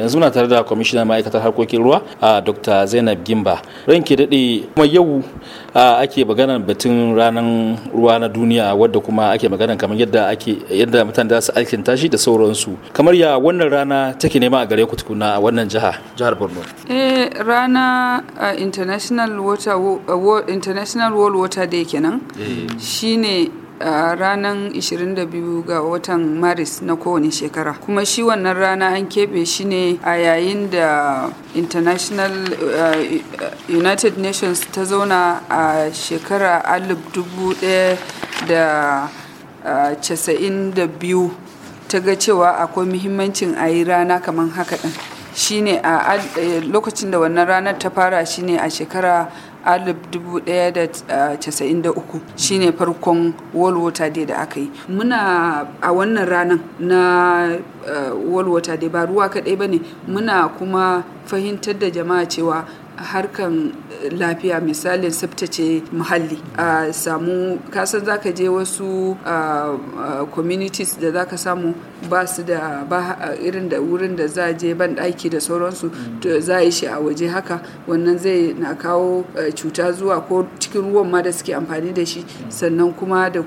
yanzu muna tare da kwamishinan ma'aikatar harkokin ruwa a dr zainab gimba ranki daɗe kuma yau ake maganar batun ranar ruwa na duniya wadda kuma ake magana kamar yadda ake yadda mutane za su aikin tashi da sauransu kamar ya wannan rana take nema a gare ku tukuna a wannan jiha jihar borno eh rana international water international world water day kenan eh. shine a ranar 22 ga watan maris na kowane shekara kuma shi wannan rana an keɓe shi ne a yayin da international eh, united nations ta zauna a shekara 1992 eh, ta ga cewa akwai muhimmancin a yi rana kamar haka ɗin ne a eh, lokacin da wannan ranar ta fara shi ne a shekara 1993 ah, shine farkon world water day da aka yi muna a wannan ranar na ah, world water day ba ruwa kaɗai ba ne muna kuma fahimtar da jama'a cewa harkan lafiya misalin tsaftace muhalli a samu kasan zaka je wasu communities da zaka samu ba su da irin da wurin da za je ban ɗaki da sauransu mm. to za a yi shi a waje haka wannan zai na kawo cuta zuwa ko cikin ruwan ma da suke amfani da shi mm. sannan kuma da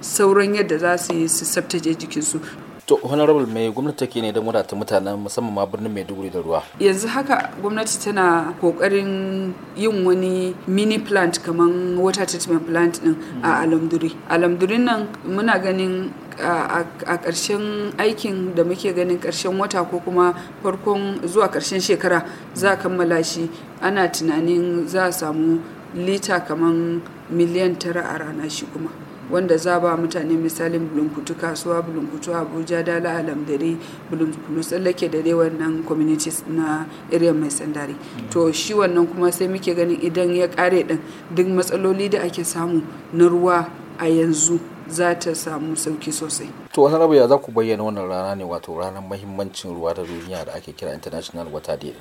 sauran yadda za su yi su tsaftace jikinsu to honorable mai gwamnati take ne da wadata mutanen musamman ma birnin maiduguri da ruwa yanzu haka gwamnati tana kokarin yin wani mini plant kaman water treatment plant din a hmm. alamduri alamdurin nan muna ganin a karshen aikin da muke ganin ƙarshen wata ko kuma farkon zuwa karshen shekara za a kammala shi ana tunanin za a samu lita kaman miliyan tara a rana shi kuma wanda za ba mutane misalin bulunkutu kasuwa bulunkutu abuja dala alamdare bulunkutu tsallake da dai wannan communities na area mai sandari to shi wannan kuma sai muke ganin idan ya kare din duk matsaloli da ake samu na ruwa a yanzu za ta samu sauki sosai. To wasan rabu ya za ku bayyana wannan rana ne wato ranar mahimmancin ruwa da duniya da ake kira International Water Day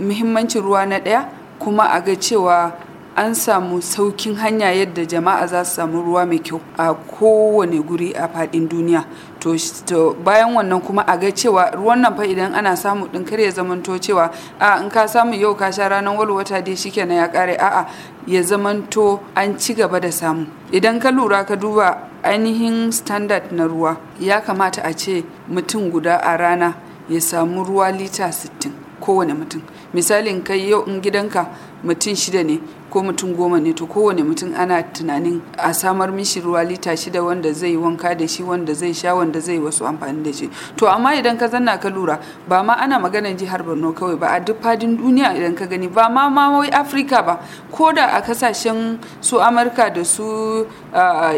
Muhimmancin ruwa na daya kuma a ga cewa an samu saukin hanya yadda jama'a za su samu ruwa mai kyau a kowane guri a faɗin duniya to bayan wannan kuma a ga cewa ruwan nan fa idan ana samu ɗin kar ya zamanto cewa a in ka samu yau ka sha ranar walwata dai na ya kare a'a ya zamanto an ci gaba da samu idan ka lura ka duba ainihin standard na ruwa ya kamata a ce mutum guda a rana ya samu ruwa lita 60 kowane mutum misalin kai yau in gidanka mutum shida ne ko mutum goma ne to kowane mutum ana tunanin a samar mishi ruwa lita shida wanda zai wanka da shi wanda zai sha wanda zai wasu amfani da shi to amma idan ka zanna ka lura ba ma ana maganar jihar borno kawai ba a duk fadin duniya idan ka gani ba ma ma wai afirka ba ko da a kasashen su amurka da su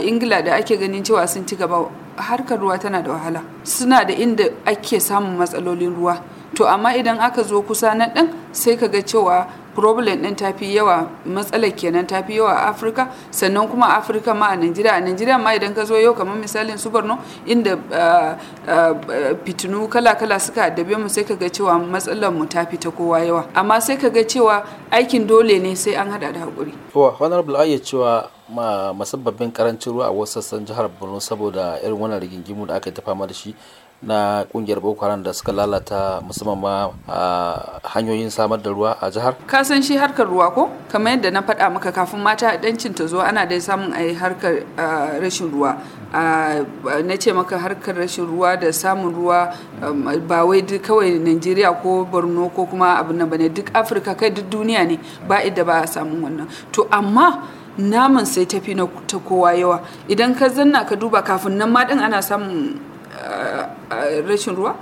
ingila da ake ganin cewa sun ci gaba harkar ruwa tana da wahala suna da inda ake samun matsalolin ruwa to amma idan aka zo kusa na ɗin sai ka ga cewa problem ɗin ta yawa matsalar kenan ta fi yawa a afirka sannan kuma afirka ma a nigeria a nigeria ma idan ka zo yau kamar misalin su borno inda ah, ah, ah, fitinu kala-kala suka addabe mu sai ka ga cewa matsalar mu ta fi ta kowa yawa amma sai ka ga cewa aikin dole ne sai an hada da haƙuri. honorable ayya cewa ma masabbabin karancin ruwa a wasu sassan jihar borno saboda irin wannan rigingimu da aka yi ta fama da shi na kungiyar boko haram da suka lalata musamman ma hanyoyin samar da ruwa a jihar ka san shi harkar ruwa ko kamar yadda na faɗa maka kafin mata dancin ta zo ana dai samun a harkar rashin ruwa na ce maka harkar rashin ruwa da samun ruwa um, ba wai kawai Najeriya ko Borno ko kuma abu nan bane duk Afirka kai duk duniya ne ba idda ba a samun wannan to amma naman sai tafi na ta kowa yawa idan ka zanna ka duba kafin nan ma din ana samun rashin ruwa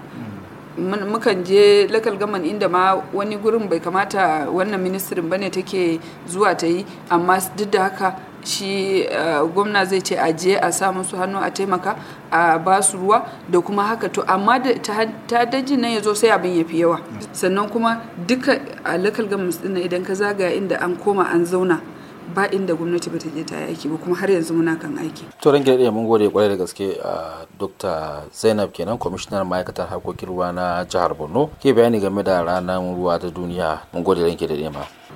mukan je lakal gaman inda ma wani gurin bai kamata wannan ministrin bane take zuwa ta yi amma duk da haka shi eh, gwamna zai ce a je a sa musu hannu a taimaka a ba su ruwa da kuma haka to amma ta dajin nan ya zo sai abin ya fi yawa sannan kuma duka a lakal gaman idan ka zagaya inda an koma an zauna ba inda gwamnati ba ta je ta aiki ba kuma har yanzu muna kan aiki. To ranke da mun gode kwarai da gaske a Dr. Zainab kenan kwamishinar ma'aikatar harkokin ruwa na jihar Borno ke bayani game da ranar ruwa ta duniya mun gode ranke da ma.